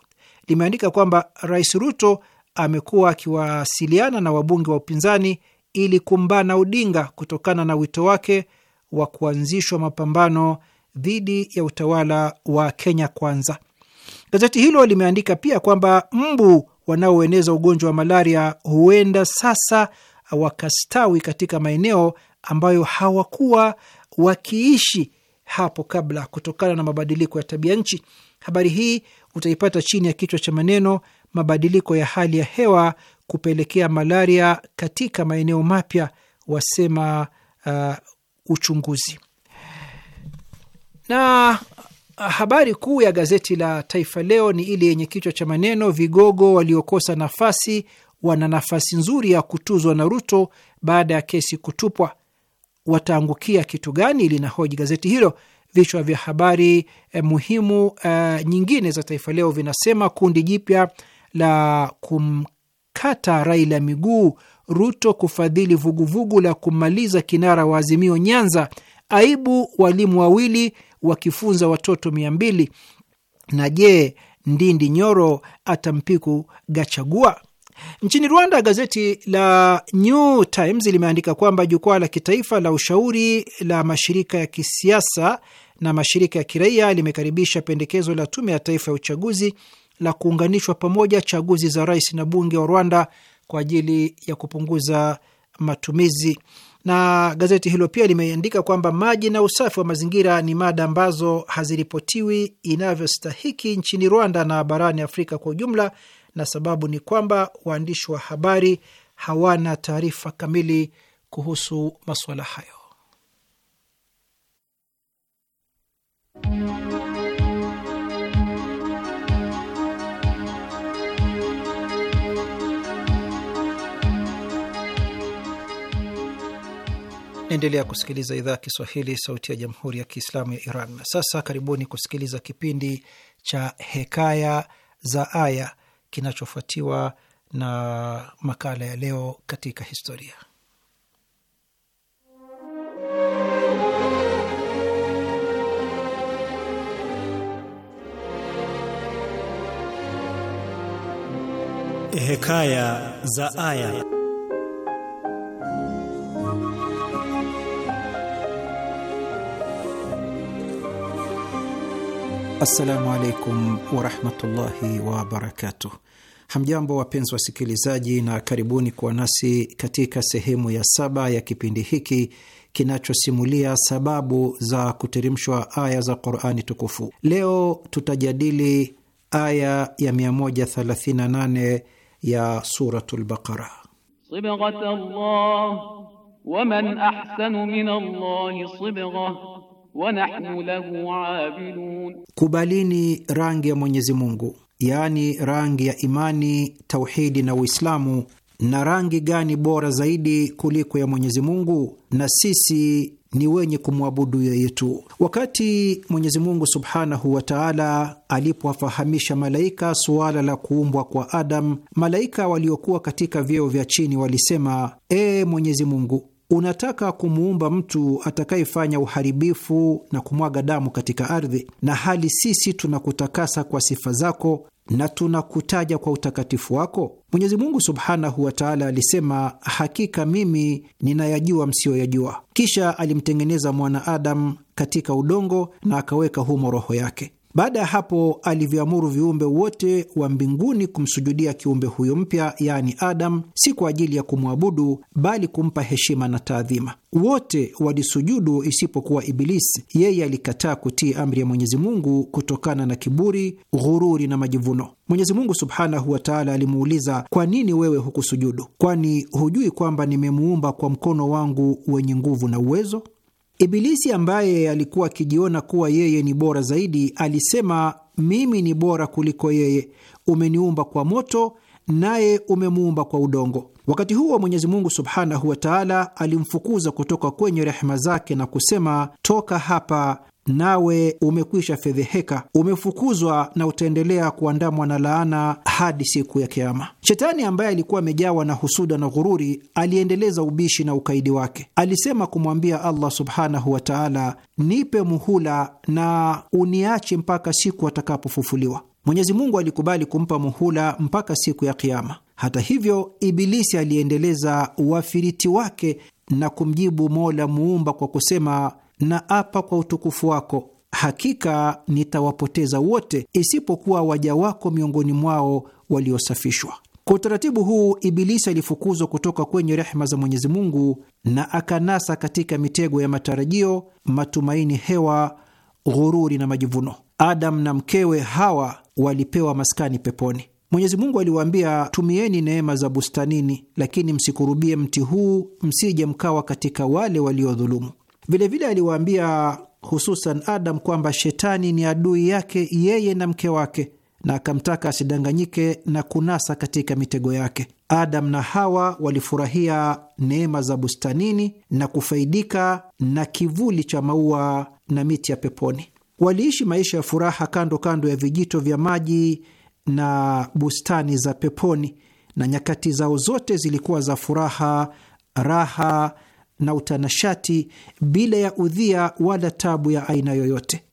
Limeandika kwamba Rais Ruto amekuwa akiwasiliana na wabunge wa upinzani ili kumbana Odinga kutokana na wito wake wa kuanzishwa mapambano dhidi ya utawala wa Kenya Kwanza. Gazeti hilo limeandika pia kwamba mbu wanaoeneza ugonjwa wa malaria huenda sasa wakastawi katika maeneo ambayo hawakuwa wakiishi hapo kabla kutokana na mabadiliko ya tabia nchi. Habari hii utaipata chini ya kichwa cha maneno mabadiliko ya hali ya hewa kupelekea malaria katika maeneo mapya, wasema uh, uchunguzi. Na habari kuu ya gazeti la Taifa Leo ni ile yenye kichwa cha maneno vigogo waliokosa nafasi wana nafasi nzuri ya kutuzwa na Ruto baada ya kesi kutupwa. Wataangukia kitu gani? Linahoji gazeti hilo. Vichwa vya habari eh, muhimu eh, nyingine za Taifa Leo vinasema kundi jipya la kumkata Raila miguu, Ruto kufadhili vuguvugu la kumaliza kinara wa Azimio Nyanza, aibu walimu wawili wakifunza watoto mia mbili na je, Ndindi Nyoro atampiku Gachagua? Nchini Rwanda, gazeti la New Times limeandika kwamba jukwaa la kitaifa la ushauri la mashirika ya kisiasa na mashirika ya kiraia limekaribisha pendekezo la tume ya taifa ya uchaguzi la kuunganishwa pamoja chaguzi za rais na bunge wa Rwanda kwa ajili ya kupunguza matumizi na gazeti hilo pia limeandika kwamba maji na usafi wa mazingira ni mada ambazo haziripotiwi inavyostahiki nchini Rwanda na barani Afrika kwa ujumla, na sababu ni kwamba waandishi wa habari hawana taarifa kamili kuhusu masuala hayo. Naendelea kusikiliza idhaa ya Kiswahili, sauti ya jamhuri ya kiislamu ya Iran. Na sasa karibuni kusikiliza kipindi cha Hekaya za Aya kinachofuatiwa na makala ya Leo katika Historia. Hekaya za Aya. Assalamu alaikum warahmatullahi wabarakatuh. Hamjambo wapenzi wasikilizaji, na karibuni kuwa nasi katika sehemu ya saba ya kipindi hiki kinachosimulia sababu za kuteremshwa aya za Qurani Tukufu. Leo tutajadili aya ya 138 ya Suratul Baqara. Sibghatallah waman ahsanu minallahi sibgha wa nahnu lahu abidun, kubalini rangi ya Mwenyezi Mungu, yaani rangi ya imani, tauhidi na Uislamu. Na rangi gani bora zaidi kuliko ya Mwenyezi Mungu? Na sisi ni wenye kumwabudu yeye tu. Wakati Mwenyezi Mungu subhanahu wa taala alipowafahamisha malaika suala la kuumbwa kwa Adamu, malaika waliokuwa katika vyeo vya chini walisema: Ee Mwenyezi Mungu, unataka kumuumba mtu atakayefanya uharibifu na kumwaga damu katika ardhi, na hali sisi tunakutakasa kwa sifa zako na tunakutaja kwa utakatifu wako. Mwenyezi Mungu subhanahu wa taala alisema, hakika mimi ninayajua msiyoyajua. Kisha alimtengeneza mwanaadamu katika udongo na akaweka humo roho yake. Baada ya hapo alivyoamuru viumbe wote wa mbinguni kumsujudia kiumbe huyo mpya, yaani Adam, si kwa ajili ya kumwabudu, bali kumpa heshima na taadhima. Wote walisujudu isipokuwa Ibilisi. Yeye alikataa kutii amri ya Mwenyezi Mungu kutokana na kiburi, ghururi na majivuno. Mwenyezi Mungu subhanahu wa taala alimuuliza, kwa nini wewe hukusujudu? Kwani hujui kwamba nimemuumba kwa mkono wangu wenye nguvu na uwezo? Ibilisi ambaye alikuwa akijiona kuwa yeye ni bora zaidi, alisema, mimi ni bora kuliko yeye, umeniumba kwa moto naye umemuumba kwa udongo. Wakati huo Mwenyezi Mungu subhanahu wa taala alimfukuza kutoka kwenye rehema zake na kusema, toka hapa, nawe umekwisha fedheheka, umefukuzwa na utaendelea kuandamwa na laana hadi siku ya Kiama. Shetani ambaye alikuwa amejawa na husuda na ghururi, aliendeleza ubishi na ukaidi wake. Alisema kumwambia Allah subhanahu wa taala, nipe muhula na uniache mpaka siku atakapofufuliwa. Mwenyezi Mungu alikubali kumpa muhula mpaka siku ya Kiama. Hata hivyo, Ibilisi aliendeleza uafiriti wake na kumjibu Mola muumba kwa kusema na apa kwa utukufu wako, hakika nitawapoteza wote isipokuwa waja wako miongoni mwao waliosafishwa. Kwa utaratibu huu Ibilisi alifukuzwa kutoka kwenye rehema za Mwenyezi Mungu na akanasa katika mitego ya matarajio, matumaini hewa, ghururi na majivuno. Adam na mkewe Hawa walipewa maskani peponi. Mwenyezi Mungu aliwaambia, tumieni neema za bustanini, lakini msikurubie mti huu, msije mkawa katika wale waliodhulumu. Vilevile aliwaambia hususan Adam kwamba shetani ni adui yake yeye na mke wake, na akamtaka asidanganyike na kunasa katika mitego yake. Adam na Hawa walifurahia neema za bustanini na kufaidika na kivuli cha maua na miti ya peponi. Waliishi maisha ya furaha kando kando ya vijito vya maji na bustani za peponi, na nyakati zao zote zilikuwa za furaha, raha na utanashati bila ya udhia wala tabu ya aina yoyote.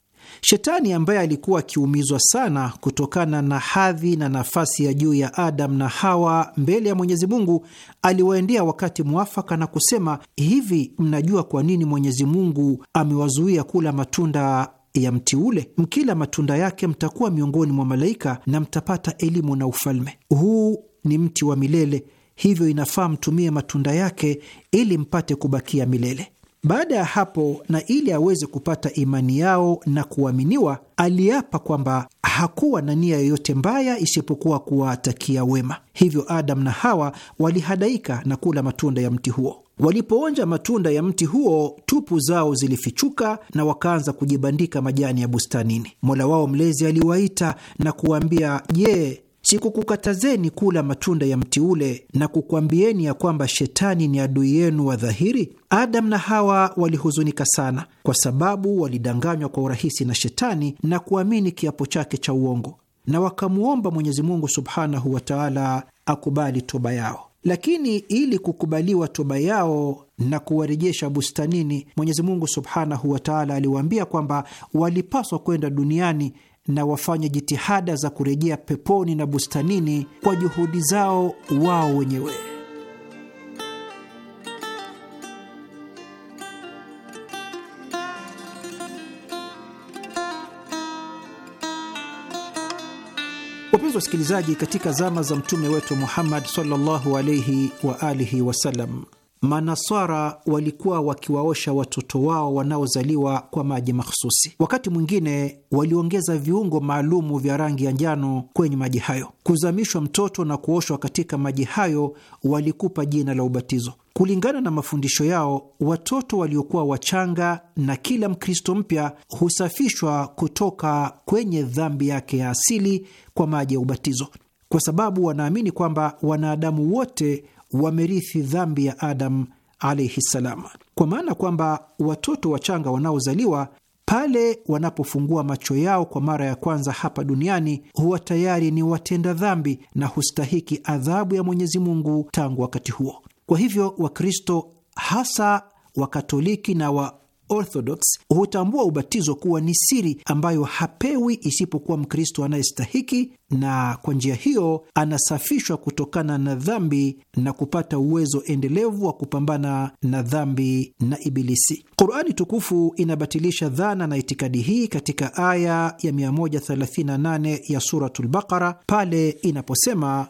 Shetani ambaye alikuwa akiumizwa sana kutokana na hadhi na nafasi ya juu ya Adamu na Hawa mbele ya Mwenyezi Mungu aliwaendea wakati mwafaka na kusema hivi, mnajua kwa nini Mwenyezi Mungu amewazuia kula matunda ya mti ule? Mkila matunda yake mtakuwa miongoni mwa malaika na mtapata elimu na ufalme. Huu ni mti wa milele hivyo inafaa mtumie matunda yake ili mpate kubakia milele. Baada ya hapo, na ili aweze kupata imani yao na kuaminiwa, aliapa kwamba hakuwa na nia yoyote mbaya isipokuwa kuwatakia wema. Hivyo Adamu na Hawa walihadaika na kula matunda ya mti huo. Walipoonja matunda ya mti huo, tupu zao zilifichuka na wakaanza kujibandika majani ya bustanini. Mola wao mlezi aliwaita na kuwaambia, Je, sikukukatazeni kula matunda ya mti ule na kukwambieni ya kwamba shetani ni adui yenu wa dhahiri? Adamu na Hawa walihuzunika sana, kwa sababu walidanganywa kwa urahisi na shetani na kuamini kiapo chake cha uongo, na wakamwomba Mwenyezi Mungu subhanahu wa taala akubali toba yao. Lakini ili kukubaliwa toba yao na kuwarejesha bustanini, Mwenyezi Mungu subhanahu wa taala aliwaambia kwamba walipaswa kwenda duniani na wafanye jitihada za kurejea peponi na bustanini kwa juhudi zao wao wenyewe. Wapenzi wasikilizaji, katika zama za mtume wetu Muhammad sallallahu alaihi wa alihi wasallam Manaswara walikuwa wakiwaosha watoto wao wanaozaliwa kwa maji makhususi Wakati mwingine waliongeza viungo maalumu vya rangi ya njano kwenye maji hayo. Kuzamishwa mtoto na kuoshwa katika maji hayo walikupa jina la ubatizo. Kulingana na mafundisho yao, watoto waliokuwa wachanga na kila Mkristo mpya husafishwa kutoka kwenye dhambi yake ya asili kwa maji ya ubatizo, kwa sababu wanaamini kwamba wanadamu wote wamerithi dhambi ya Adam alaihi ssalam, kwa maana kwamba watoto wachanga wanaozaliwa pale wanapofungua macho yao kwa mara ya kwanza hapa duniani huwa tayari ni watenda dhambi na hustahiki adhabu ya Mwenyezi Mungu tangu wakati huo. Kwa hivyo Wakristo hasa Wakatoliki na wa Orthodox hutambua ubatizo kuwa ni siri ambayo hapewi isipokuwa Mkristo anayestahiki, na kwa njia hiyo anasafishwa kutokana na dhambi na kupata uwezo endelevu wa kupambana na dhambi na Ibilisi. Qurani tukufu inabatilisha dhana na itikadi hii katika aya ya 138 ya Suratul Baqara pale inaposema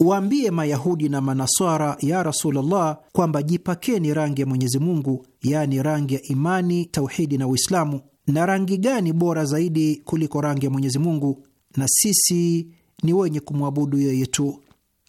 Waambie Mayahudi na Manaswara, ya Rasulullah, kwamba jipakeni rangi ya Mwenyezi Mungu yaani rangi ya imani, tauhidi na Uislamu. Na rangi gani bora zaidi kuliko rangi ya Mwenyezi Mungu? Na sisi ni wenye kumwabudu yeye tu.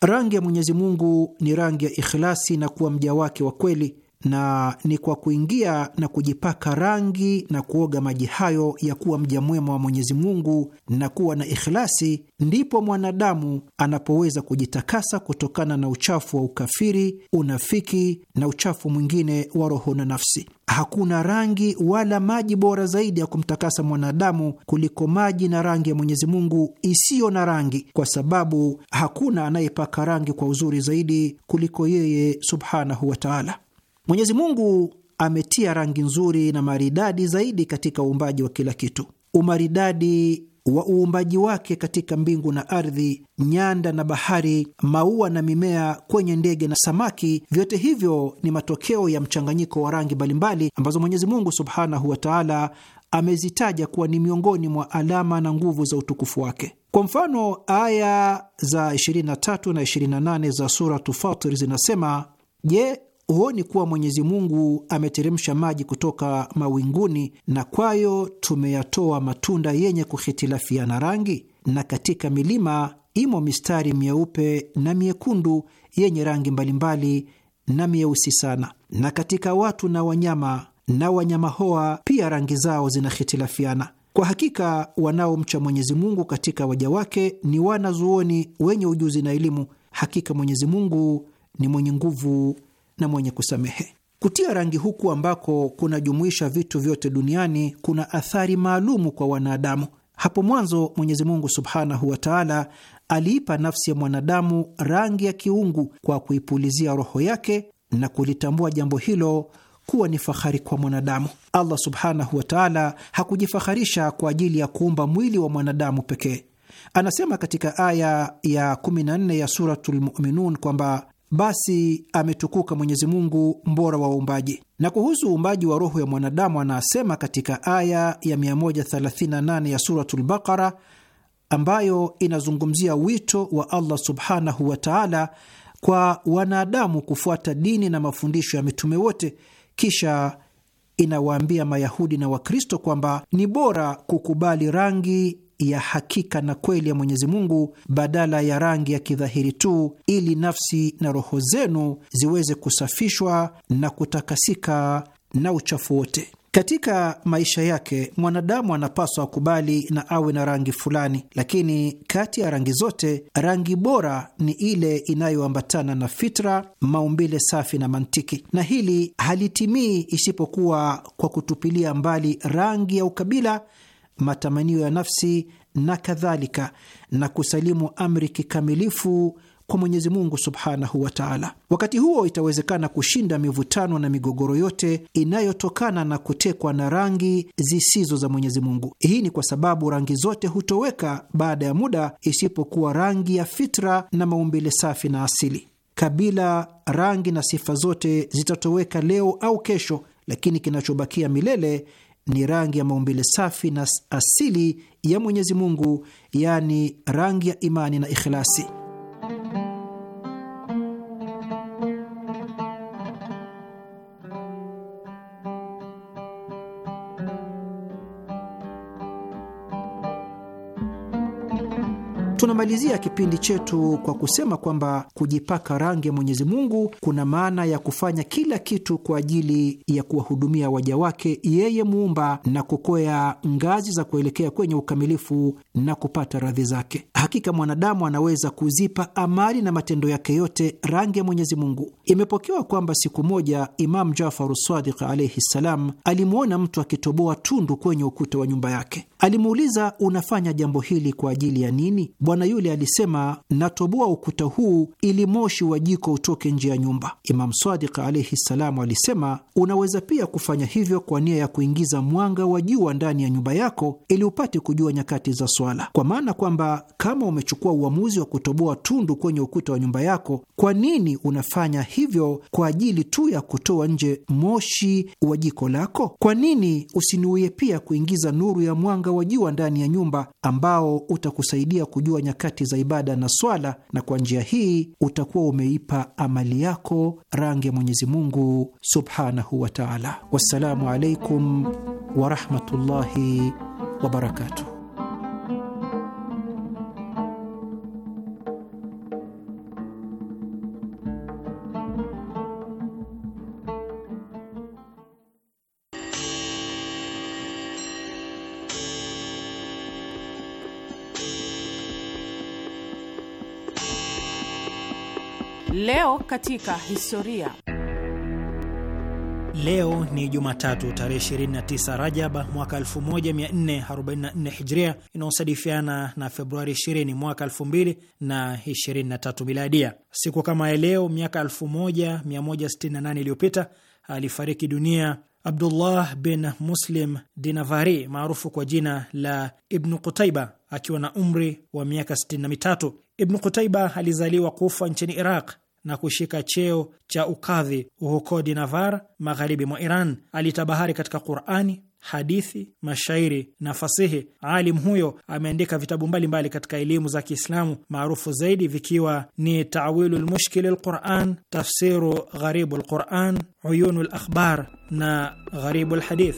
Rangi ya Mwenyezi Mungu ni rangi ya ikhlasi na kuwa mja wake wa kweli na ni kwa kuingia na kujipaka rangi na kuoga maji hayo ya kuwa mja mwema wa Mwenyezi Mungu na kuwa na ikhlasi, ndipo mwanadamu anapoweza kujitakasa kutokana na uchafu wa ukafiri, unafiki na uchafu mwingine wa roho na nafsi. Hakuna rangi wala maji bora zaidi ya kumtakasa mwanadamu kuliko maji na rangi ya Mwenyezi Mungu isiyo na rangi, kwa sababu hakuna anayepaka rangi kwa uzuri zaidi kuliko yeye subhanahu wa taala. Mwenyezi Mungu ametia rangi nzuri na maridadi zaidi katika uumbaji wa kila kitu. Umaridadi wa uumbaji wake katika mbingu na ardhi, nyanda na bahari, maua na mimea, kwenye ndege na samaki, vyote hivyo ni matokeo ya mchanganyiko wa rangi mbalimbali ambazo Mwenyezi Mungu subhanahu wa taala amezitaja kuwa ni miongoni mwa alama na nguvu za utukufu wake. Kwa mfano, aya za 23 na 28 za Suratu Fatir zinasema: Je, huoni kuwa Mwenyezi Mungu ameteremsha maji kutoka mawinguni na kwayo tumeyatoa matunda yenye kuhitilafiana rangi? Na katika milima imo mistari myeupe na miekundu yenye rangi mbalimbali na mieusi sana. Na katika watu na wanyama na wanyama hoa pia rangi zao zinahitilafiana. Kwa hakika wanaomcha Mwenyezi Mungu katika waja wake ni wanazuoni wenye ujuzi na elimu. Hakika Mwenyezi Mungu ni mwenye nguvu na mwenye kusamehe. Kutia rangi huku ambako kunajumuisha vitu vyote duniani kuna athari maalumu kwa wanadamu. Hapo mwanzo Mwenyezi Mungu subhanahu wa taala aliipa nafsi ya mwanadamu rangi ya kiungu kwa kuipulizia roho yake na kulitambua jambo hilo kuwa ni fahari kwa mwanadamu. Allah subhanahu wa taala hakujifaharisha kwa ajili ya kuumba mwili wa mwanadamu pekee. Anasema katika aya ya 14 ya Suratul Muminun kwamba basi ametukuka Mwenyezi Mungu mbora wa waumbaji. Na kuhusu uumbaji wa roho ya mwanadamu anasema katika aya ya 138 ya Suratul Baqara, ambayo inazungumzia wito wa Allah subhanahu wa taala kwa wanadamu kufuata dini na mafundisho ya mitume wote, kisha inawaambia Mayahudi na Wakristo kwamba ni bora kukubali rangi ya hakika na kweli ya Mwenyezi Mungu badala ya rangi ya kidhahiri tu, ili nafsi na roho zenu ziweze kusafishwa na kutakasika na uchafu wote. Katika maisha yake mwanadamu anapaswa akubali na awe na rangi fulani, lakini kati ya rangi zote, rangi bora ni ile inayoambatana na fitra, maumbile safi na mantiki, na hili halitimii isipokuwa kwa kutupilia mbali rangi ya ukabila matamanio ya nafsi na kadhalika, na kusalimu amri kikamilifu kwa Mwenyezi Mungu subhanahu wa taala. Wakati huo itawezekana kushinda mivutano na migogoro yote inayotokana na kutekwa na rangi zisizo za Mwenyezi Mungu. Hii ni kwa sababu rangi zote hutoweka baada ya muda, isipokuwa rangi ya fitra na maumbile safi na asili. Kabila, rangi na sifa zote zitatoweka leo au kesho, lakini kinachobakia milele ni rangi ya maumbile safi na asili ya Mwenyezi Mungu, yaani rangi ya imani na ikhlasi. Tunamalizia kipindi chetu kwa kusema kwamba kujipaka rangi ya Mwenyezi Mungu kuna maana ya kufanya kila kitu kwa ajili ya kuwahudumia waja wake yeye Muumba, na kukwea ngazi za kuelekea kwenye ukamilifu na kupata radhi zake. Hakika mwanadamu anaweza kuzipa amali na matendo yake yote rangi ya Mwenyezi Mungu. Imepokewa kwamba siku moja Imam Jafaru Sadiq alaihi ssalam alimwona mtu akitoboa tundu kwenye ukuta wa nyumba yake. Alimuuliza, unafanya jambo hili kwa ajili ya nini? bwana yule alisema, natoboa ukuta huu ili moshi wa jiko utoke nje ya nyumba. Imam Sadiq alaihi ssalamu alisema, unaweza pia kufanya hivyo kwa nia ya kuingiza mwanga wa jua ndani ya nyumba yako ili upate kujua nyakati za swala, kwa maana kwamba kama umechukua uamuzi wa kutoboa tundu kwenye ukuta wa nyumba yako, kwa nini unafanya hivyo kwa ajili tu ya kutoa nje moshi wa jiko lako? Kwa nini usinuie pia kuingiza nuru ya mwanga wa jua ndani ya nyumba ambao utakusaidia kujua nyakati za ibada na swala, na kwa njia hii utakuwa umeipa amali yako rangi ya Mwenyezi Mungu subhanahu wa taala. Wassalamu alaikum warahmatullahi wabarakatuh. Leo katika historia. Leo ni Jumatatu tarehe 29 Rajaba mwaka 1444 Hijria, inayosadifiana na Februari 20 mwaka 2023 Miladia. Siku kama ya leo miaka 1168 iliyopita alifariki dunia Abdullah bin Muslim Dinavari maarufu kwa jina la Ibnu Qutaiba akiwa na umri wa miaka 63. Ibnu Qutaiba alizaliwa Kufa nchini Iraq na kushika cheo cha ukadhi huko Dinavar, magharibi mwa Iran. Alitabahari katika Qurani, hadithi, mashairi na fasihi. Alim huyo ameandika vitabu mbalimbali mbali katika elimu za Kiislamu, maarufu zaidi vikiwa ni Tawilu lmushkili lquran, Tafsiru gharibu lquran, Uyunu lakhbar na Gharibu lhadith.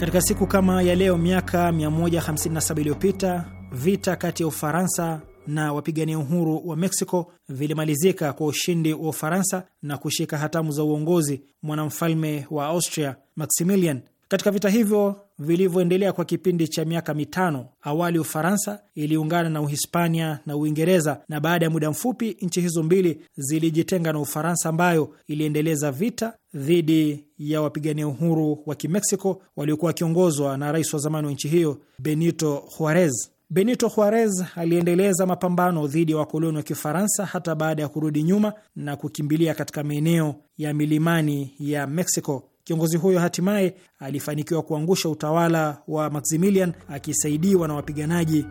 Katika siku kama ya leo miaka 157 iliyopita vita kati ya Ufaransa na wapigania uhuru wa Mexico vilimalizika kwa ushindi wa Ufaransa na kushika hatamu za uongozi mwanamfalme wa Austria Maximilian. Katika vita hivyo vilivyoendelea kwa kipindi cha miaka mitano, awali Ufaransa iliungana na Uhispania na Uingereza, na baada ya muda mfupi nchi hizo mbili zilijitenga na Ufaransa ambayo iliendeleza vita dhidi ya wapigania uhuru wa Kimeksiko waliokuwa wakiongozwa na rais wa zamani wa nchi hiyo Benito Juarez. Benito Juarez aliendeleza mapambano dhidi ya wakoloni wa Kifaransa hata baada ya kurudi nyuma na kukimbilia katika maeneo ya milimani ya Mexico. Kiongozi huyo hatimaye alifanikiwa kuangusha utawala wa Maximilian akisaidiwa na wapiganaji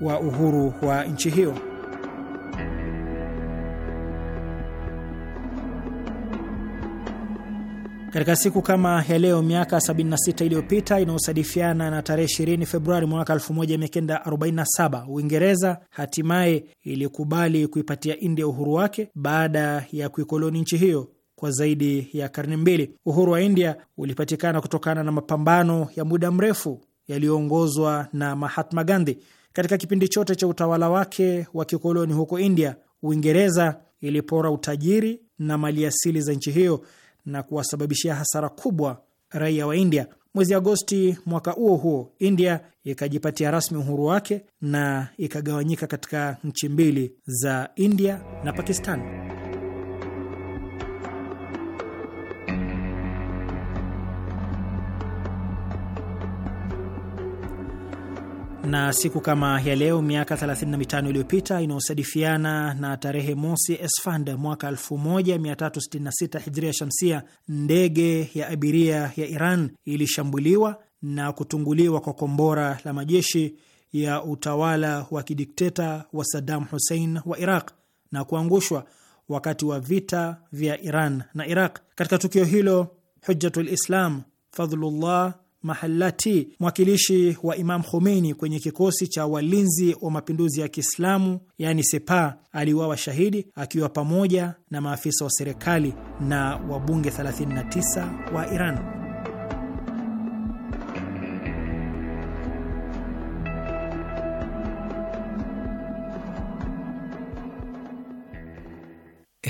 wa uhuru wa nchi hiyo. Katika siku kama ya leo miaka 76 iliyopita inayosadifiana na tarehe 20 Februari mwaka 1947, Uingereza hatimaye ilikubali kuipatia India uhuru wake baada ya kuikoloni nchi hiyo kwa zaidi ya karne mbili. Uhuru wa India ulipatikana kutokana na mapambano ya muda mrefu yaliyoongozwa na Mahatma Gandhi. Katika kipindi chote cha utawala wake wa kikoloni huko India, Uingereza ilipora utajiri na maliasili za nchi hiyo na kuwasababishia hasara kubwa raia wa India. Mwezi Agosti mwaka huo huo, India ikajipatia rasmi uhuru wake na ikagawanyika katika nchi mbili za India na Pakistan. na siku kama ya leo miaka 35 iliyopita inayosadifiana na tarehe mosi esfand mwaka 1366 hijria shamsia, ndege ya abiria ya Iran ilishambuliwa na kutunguliwa kwa kombora la majeshi ya utawala wa kidikteta wa Saddam Hussein wa Iraq na kuangushwa wakati wa vita vya Iran na Iraq. Katika tukio hilo, Hujjatul Islam Fadhlullah mahalati mwakilishi wa Imam Khomeini kwenye kikosi cha walinzi wa mapinduzi ya Kiislamu yani Sepa, aliuawa shahidi akiwa pamoja na maafisa wa serikali na wabunge 39 wa Iran.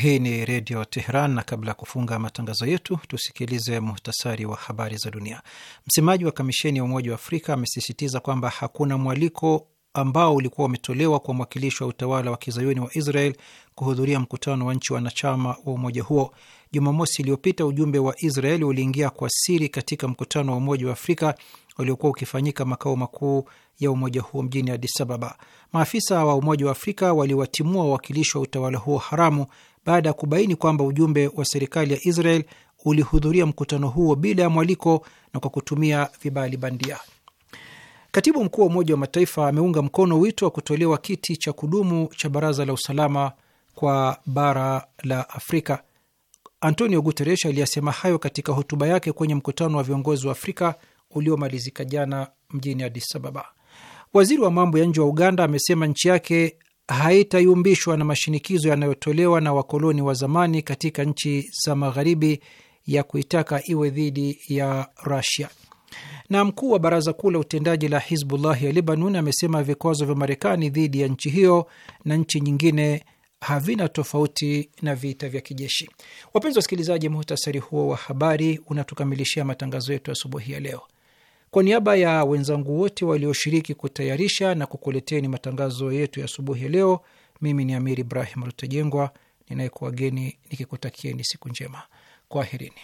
Hii ni Redio Teheran, na kabla ya kufunga matangazo yetu tusikilize muhtasari wa habari za dunia. Msemaji wa kamisheni ya Umoja wa Afrika amesisitiza kwamba hakuna mwaliko ambao ulikuwa umetolewa kwa mwakilishi wa utawala wa kizayuni wa Israel kuhudhuria mkutano wa nchi wanachama wa umoja huo. Jumamosi iliyopita ujumbe wa Israel uliingia kwa siri katika mkutano wa Umoja wa Afrika uliokuwa ukifanyika makao makuu ya umoja huo mjini Addis Ababa. Maafisa wa Umoja wa Afrika waliwatimua wawakilishi wa utawala huo haramu baada ya kubaini kwamba ujumbe wa serikali ya Israel ulihudhuria mkutano huo bila ya mwaliko na kwa kutumia vibali bandia. Katibu mkuu wa Umoja wa Mataifa ameunga mkono wito wa kutolewa kiti cha kudumu cha Baraza la Usalama kwa bara la Afrika. Antonio Guterres aliyasema hayo katika hotuba yake kwenye mkutano wa viongozi wa Afrika uliomalizika jana mjini Addis Ababa. Waziri wa mambo ya nje wa Uganda amesema nchi yake haitayumbishwa na mashinikizo yanayotolewa na wakoloni wa zamani katika nchi za magharibi ya kuitaka iwe dhidi ya rasia Na mkuu wa baraza kuu la utendaji la Hizbullah ya Lebanon amesema vikwazo vya Marekani dhidi ya nchi hiyo na nchi nyingine havina tofauti na vita vya kijeshi. Wapenzi wasikilizaji, muhtasari huo wa habari unatukamilishia matangazo yetu asubuhi ya leo. Kwa niaba ya wenzangu wote walioshiriki kutayarisha na kukuleteni matangazo yetu ya asubuhi ya leo, mimi ni Amir Ibrahim Rutajengwa ninayekuwageni nikikutakieni siku njema. Kwaherini.